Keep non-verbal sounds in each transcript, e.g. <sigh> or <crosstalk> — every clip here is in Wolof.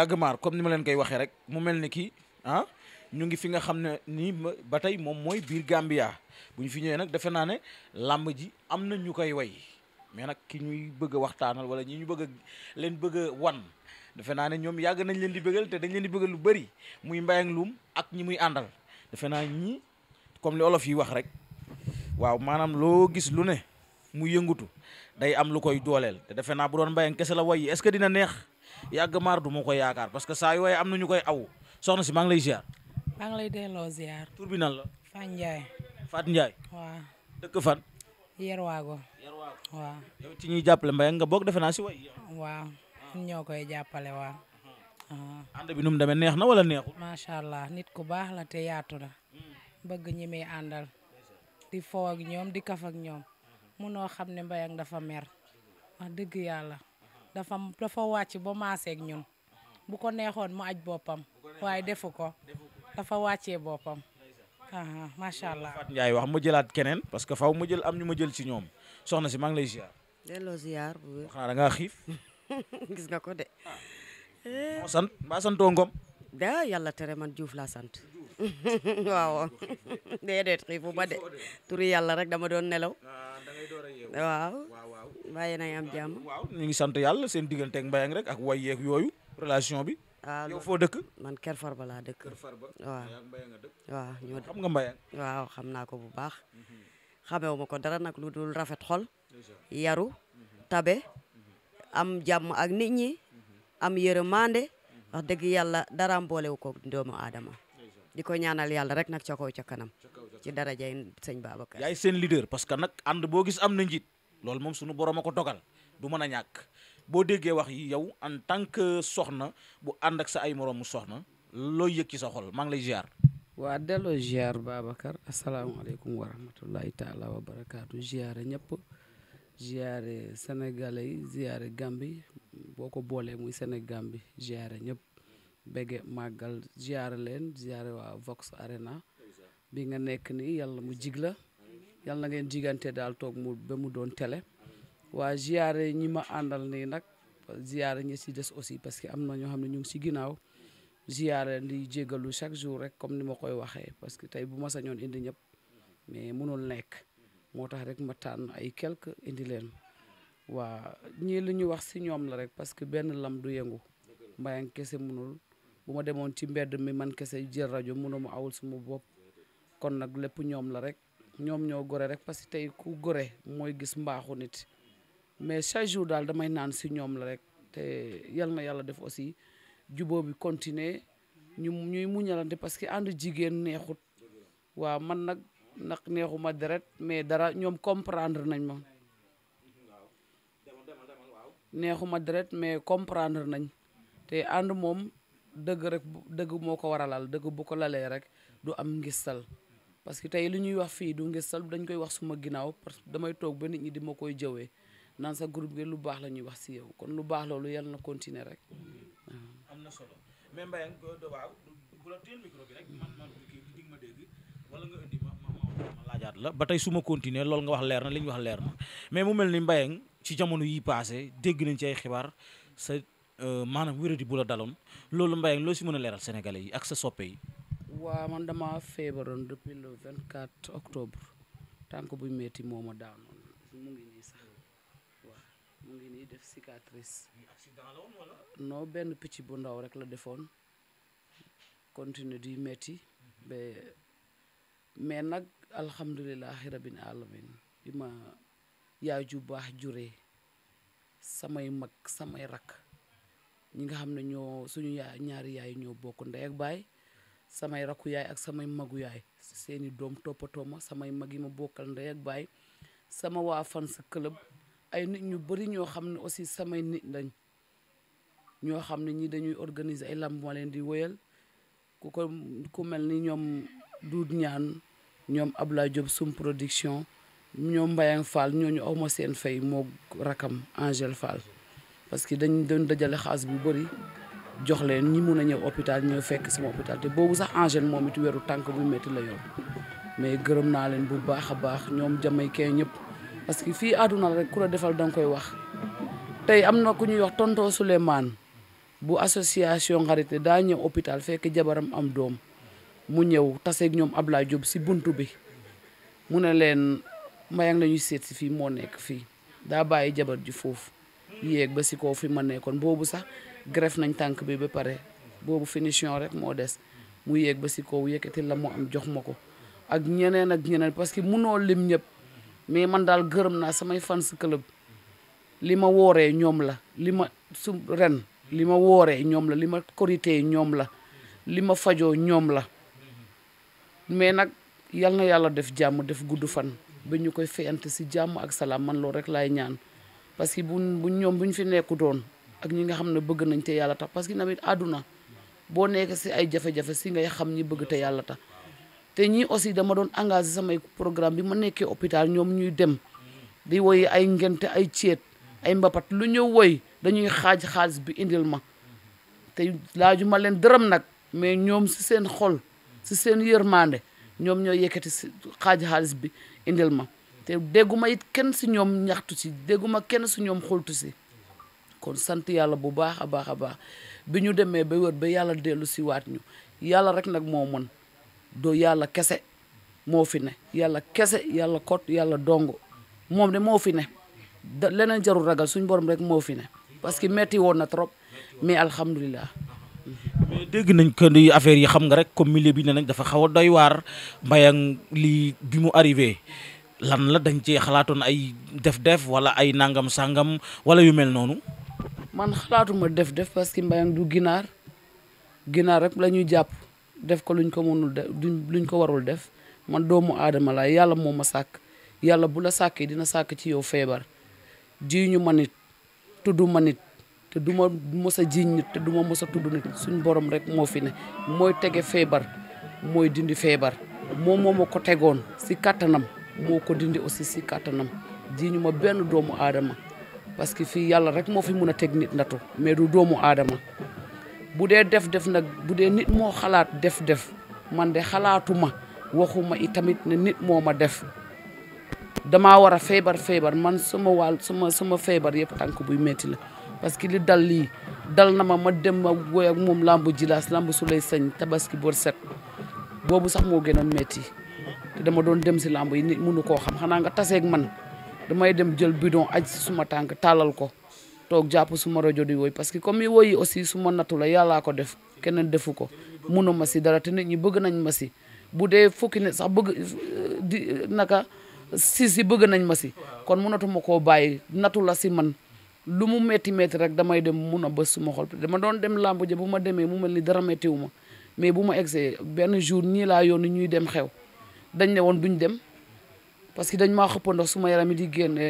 yàgg comme ni ma leen koy waxee rek mu mel ni ki ah ñu ngi fi nga xam ne nii ba tey moom mooy biir Gambia bu ñu fi ñëwee nag defe naa ne làmb ji am na ñu koy way mais nag ki ñuy bëgg waxtaanal wala ñi ñu bëgg a leen bëgg a wan defe naa ne ñoom yàgg nañ leen di bëggal te dañ leen di bëggal lu bëri muy Mbaye ak Loum ak ñi muy àndal defe naa ñi comme li olof yi wax rek waaw maanaam loo gis lu ne mu yëngutu day am lu koy dooleel te defe naa bu doon Mbaye yàgg maar du ma ko yaakaar parce que saa yooye am na ñu koy aw soxna si maa ngi lay ziar. maa lay delloo ziar. tur bi nan la. dëkk fan. Yerwaago. Yerwaago waaw. ñuy jàppale mbay nga bokk defe naa si ñoo koy jàppale waaw. Uh-huh. Uh-huh. ànd bi nu mu demee neex na wala neexul. macha allah nit ku baax la te yaatu la. Mm. bëgg ñi àndal. di foo ñoom di kaf ak ñoom. Uh-huh. munoo xam ne mbay ak dafa mer. wax dëgg yàlla. dafa dafa wàcc ba maaseeg ñun bu ko neexoon mu aj boppam waaye defu ko dafa wàccee boppam macha allah. Fat Ndiaye wax ma jëlaat keneen parce que faw ma jël am ñu ma jël ci ñoom soxna si maa ngi lay ziar. delloo ziar bu xanaa da xiif. <laughs> gis nga ko de. Ah. moo sant mbaa santoo Ngom. da yàlla tere man Diouf laa sant. <laughs> waaw <laughs> déedéet xiifu ba de turi yàlla rek dama doon nelaw. Ah, waaw. waaye na am jàmm. waaw ñu ngi sant yàlla seen digganteeg mbayang rek ak way yeeg yooyu relation bi. waaw ah, yow foo dëkk. man Kër Farba laa dëkk. Kër Farba waaw waaw ñoo xam nga mbayang waaw xam naa ko bu baax. Mhm. xamewu ma ko dara nag lu dul rafet xol. yaru mhm. tabe mhm. am jàmm ak nit ñi. am yërëmande. wax dëgg yàlla dara boolewu ko doomu aadama. di ko ñaanal yàlla rek nag ca kaw ca kanam. ci darajay sëñ Babacar. yaay seen leader parce que nag ànd boo gis am na njiit. loolu moom suñu borom a ko dogal du mën a ñàkk boo déggee wax yi yow en tant que soxna bu ànd ak sa ay moroomu soxna looy yëg ci sa xol maa lay ziar. waa delloo ziar Babacar asalaamaaleykum wa rahmatullahi taala wa barakaatu ziare ñëpp ziare sénégalais yi ziare boo ko boolee muy sénégambi ziare ñëpp bége màggal ziare leen ziare waa Vox Arena bi nga nekk nii yàlla mu jig la yal na ngeen jigante daal toog mu ba mu doon télé waa ziare ñi ma àndal nii nag ziare ñi si des aussi parce que am na ñoo xam ne ñu ngi si ginnaaw ziare di jégalu chaque jour rek comme ni ma koy waxee parce que tey bu ma sañoon indi ñëpp mais mënul nekk moo tax rek ma tànn ay quelque indi leen waa ñii lu ñu wax si ñoom la rek parce que benn lam du yëngu mbayang kese mënul bu ma demoon ci mbedd mi man kese jël rajo mu awul suma bopp kon nag lépp ñoom la rek ñoom ñoo gore rek parce que tey ku gore mooy gis mbaaxu nit mais chaque jour daal damay naan si ñoom la rek te yal na yàlla def aussi jubóo bi continuer ñu ñuy muñalante parce que ànd jigéen neexut waaw man nag nag neexuma deret mais dara ñoom comprendre nañ ma neexuma deret mais comprendre nañ te ànd moom dëgg rek dëgg moo ko waralal dëgg bu ko lalee rek du am ngistal parce que tey li ñuy wax fii du ngir sal dañ koy wax suma ginnaaw parce que damay toog ba nit ñi di ma koy jëwee naan sa groupe gi lu baax la ñuy wax si yow kon lu baax loolu yàlla na continuer na solo mais Mbayang waaw tey su ma continuer loolu nga wax leer na li ñu wax leer na mais mu mel ni Mbayang ci jamono yi passé dégg nañ ci ay xibaar sa euh, maanaam wéradi bu la daloon loolu Mbayang loo si mën a leeral sénégalais yi ak sa soppe yi. waa man dama feebaroon depuis le vingt quatre octobre tànk buy metti moom ma daanoon mu ngi nii sax waaw ngi nii def cicatrice benn picc bu ndaw rek la defoon continuer di metti mais nag alhamdulilahi rabbil alamin bi ma yaay ju baax juree samay mag samay rakk ñi nga xam ne ñoo suñu yaay ñaari yaay ñoo bokk ndey ak baay samay rakku yaay ak samay magu yaay seeni doom toppatoo ma samay mag yi ma bokkal ndey ak baay sama waa fans club ay nit ñu bëri ñoo xam ne aussi samay nit dañ ñoo xam ne ñii dañuy organiser ay lamb ma leen di woyal ku ko ku mel ni ñoom duut ñaan ñoom Abdoulaye Diop sum production ñoom Mbayang Fall ñooñu awma seen fay moo rakam Angèle Fall parce que dañ dajale xaas bu bëri jox leen ñi mun a ñëw hôpital ñëw fekk sama hôpital te boobu sax Angèle moom it weeru tànk bu métti la yoon mais gërëm naa leen bu baax a baax ñoom jamaïcain ñëpp parce que fii àdduna rek ku la defal da koy wax tey am na ku ñuy wax tonton Souleymane bu association Charité daa ñëw hôpital fekk jabaram am doom mu ñëw taseeg ñoom Ablaye Diop si bunt bi mu ne leen mbayang la ñuy seet si fii moo nekk fii daa bàyyi jabar ji foofu yeeg ba si kaw fi ma nekkoon boobu sax greffe nañ tànk bi ba pare boobu finition rek moo des mu yéeg ba si kaw yëkkati la mu am jox ma ko ak ñeneen ak ñeneen parce que munoo lim ñëpp mais man daal gërëm naa samay fan fans club li ma wooree ñoom la li ma su ren li ma wooree ñoom la li ma korité ñoom la li ma fajoo ñoom la mais nag yal na yàlla def jàmm def gudd fan ba ñu koy fayante si jàmm ak salaam man loolu rek laay ñaan parce que bu bu ñoom bu ñu fi nekku doon ak ñi nga xam ne bëgg nañ te yàlla tax parce que tamit àdduna boo nekk si ay jafe-jafe si ngay xam ñi bëgg te yàlla tax te ñii aussi dama doon engagé samay programme bi ma nekkee opital ñoom ñuy dem di woy ay ngente ay ceet ay mbapat lu ñu woy dañuy xaaj xaalis bi indil te laaju leen dërëm nag mais ñoom si seen xol si seen yërmande ñoom ñoo yekkati si xaaj xaalis bi indil ma te dégguma it kenn si ñoom ñaxtu si dégguma kenn si ñoom xultu si kon sant yàlla bu baax a baax a baax bi ñu demee ba wër ba yàlla dellu si waat ñu yàlla rek nag moo mën doo yàlla kese moo fi ne yàlla kese yàlla kot yàlla dong moom de moo fi ne da leneen jarul ragal suñ borom rek moo fi ne parce que metti woon na trop mais alhamdulilah. mais dégg nañ que ni affaire yi xam nga rek comme milieu bi ne nañ dafa xaw a doy waar mbayang lii bi mu arrivé lan la dañ ci xalaatoon ay def-def wala ay nangam sangam wala yu mel noonu. man xalaatuma def def parce que mbayan du ginaar ginaar rek lañuy jàpp def ko luñ ko mënul luñ ko warul def man doomu aadama laa yàlla moom ma sàkk yàlla bu la sàkkee dina sàkk ci yow feebar jiiñu ma nit tudd ma nit te du ma mos a jiiñ nit te du ma mos a tudd nit suñ borom rek moo fi ne mooy tege feebar mooy dindi feebar moom moo ma ko tegoon si kàttanam moo ko dindi aussi si kàttanam jiiñu benn doomu aadama parce que fii yàlla rek moo fi mun a teg nit ndatu mais du doomu aadama bu dee def-def nag bu dee nit moo xalaat def-def man de xalaatuma waxuma itamit ne nit moo ma def dama war a feebar feebar man sama wàll sama sama feebar yëpp tànk buy metti la parce que li dal lii dal na ma ma dem ma woy moom lambu jilaas lambu su lay sañ tabaski bor set boobu sax moo gën a metti te dama doon dem si làmb yi nit mënu koo xam xanaa nga taseeg man damay dem jël bidon aj si suma tànk tàllal ko toog jàpp suma rajo di woy parce que comme woy yi aussi suma natu la yàllaa ko def keneen defu ko munu ma si dara te nit ñi bëgg nañ ma si bu dee fukki nit sax bëgg di naka si bëgg nañ ma si kon munatuma koo bàyyi natu la si man lu mu metti metti rek damay dem mun a bës suma xol dama doon dem làmb ja bu ma demee mu mel ni dara méttiwu ma mais bu ma egsee benn jour ñii laa yoon ñuy dem xew dañ ne woon duñ dem parce que dañ maa xëppa ndox suma yaram yi di génne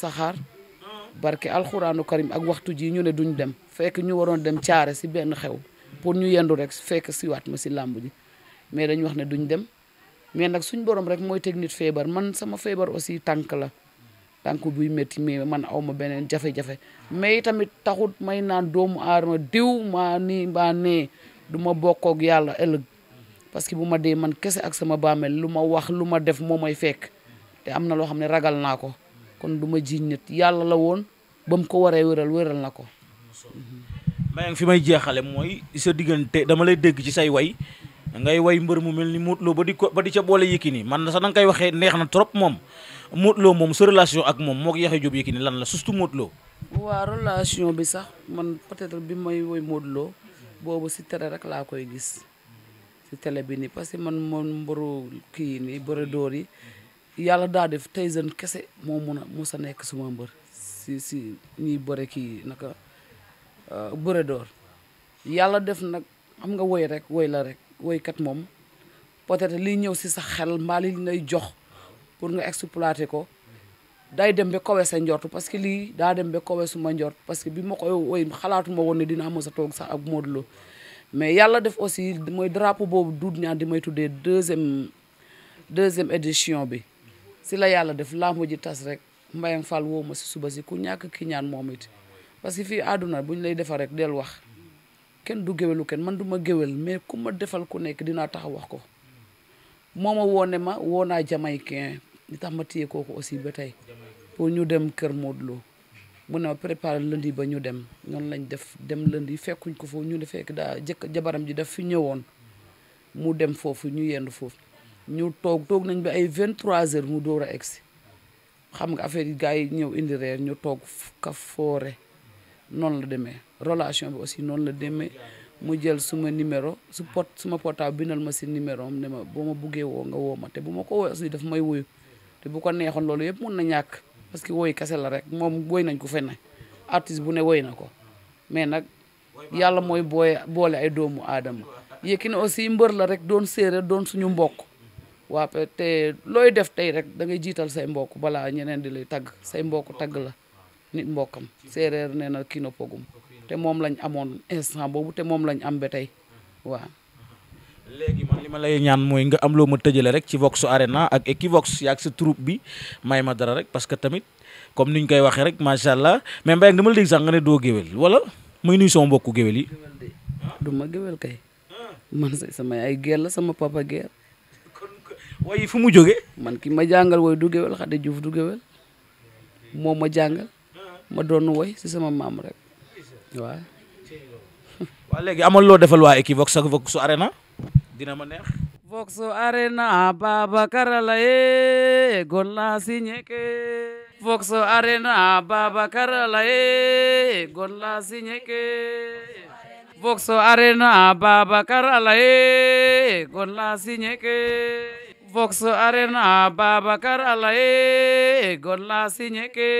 saxaar barke alxuraanu karim ak waxtu ji ñu ne duñ dem fekk ñu waroon dem caare si benn xew pour ñu yendu rek fekk siwaat ma si làmb ji mais dañ wax ne duñ dem mais nag suñ borom rek mooy teg feebar man sama feebar aussi tànk la tànk buy métti mais man aw ma beneen jafe-jafe mais tamit taxut may naan doomu aadama diw maa nii mbaa nee du yàlla ëllëg parce que bu ma dee man kese ak sama bàmmeel lu ma wax lu ma def moo may fekk te am na loo xam ne ragal naa ko kon du ma jiiñ nit yàlla la woon ba mu ko waree wéral wéral na ko. Mbayang fi may jeexale mooy sa diggante dama lay dégg ci say way ngay way mbër mu mel ni Modou ba di ko ba di ca boole nii man sax danga koy waxee neex na trop moom Modou moom sa relation ak moom moo ko Yaxya Jóob Yékini lan la surtout Modou Lo. waa relation bi sax man peut-être bi may woy mootloo boobu si télé rek laa koy gis si télé bi nii parce que man moom mbaru kii nii yàlla daa def Tyson kese moo mun a mus a nekk suma mbër si si ñuy bëre kii naka euh, bëre door yàlla def nag xam nga woy rek woy la rek woykat moom peut-être lii ñëw si sa xel mbaa li ngay jox pour nga exploiter ko day dem ba kawe sa njort parce que lii daa dem ba kawe suma njort parce que bi ma koy woy xalaatuma woon ne dinaa mos a toog sax ak Modou Lo mais yàlla def aussi mooy drapeau boobu duut ñaar di may tuddee deuxième deuxième édition bi si la yàlla def làmb ji tas rek mbayam fal woo ma si suba si ku ñàkk ki ñaan moom it parce que fii àdduna ñu lay defal rek del wax kenn du géwélu kenn man du ma géwél mais ku ma defal ku nekk dinaa tax wax ko moo ma woo ne ma woo naa jamaïcain li tax ma téye kooku aussi ba tey pour ñu dem kër Modou Lo mu ne ma préparé lundi ba ñu dem noonu lañ def dem lundi fekkuñ ko foofu ñu ne fekk daa jëkk jabaram ji daf fi ñëwoon mu dem foofu ñu yendu foofu ñu toog toog nañ ba ay vingt trois heures mu door a egsi xam nga affaire yi gars yi ñëw indi reer ñu toog ka foore noonu la demee relation bi aussi noonu la demee mu jël suma numéro su pot suma portable bindal ma si numéro am ne ma boo ma buggee woo nga woo ma te bu ma ko woowee aussi may woyu te bu ko neexoon loolu yëpp mun na ñàkk parce que woy kese la rek moom woy nañ ko fenn artiste bu ne woy na ko mais nag yàlla mooy booy boole ay doomu aadama Yékini aussi mbër la rek doon séeréer doon suñu mbokk waa te looy def tey rek da ngay jiital say mbokk balaa ñeneen di lay tagg say mbokk tagg la nit mbokkam séeréer nee na kii na te moom lañ amoon instant boobu te moom lañ am ba tey waaw. léegi man li ma lay ñaan mooy nga am loo ma tëjale rek ci Vox Arena ak Equivox yaag sa troupe bi may ma dara rek parce que tamit comme niñ koy waxee rek macha allah mais Mbaye dama la dégg sax nga ne doo géwél wala muy nuyu sama mbokku géwél yi. du ma géwél kay man ay géer sama papa woy fu mu jóge man ki ma jàngal woy du géwél Xadi Juuf du géwél moom ma jàngal ma doon woy si sama maam rek waaw. <laughs> waa defal waa Equivox ak Vox Arena dina ma neex. Vox Arena Babacar la yee gon la si ñeke. Vox Arena Babacar la yee gon si ñeke. Fox Arena Babacar Alaye Golasi Nyeke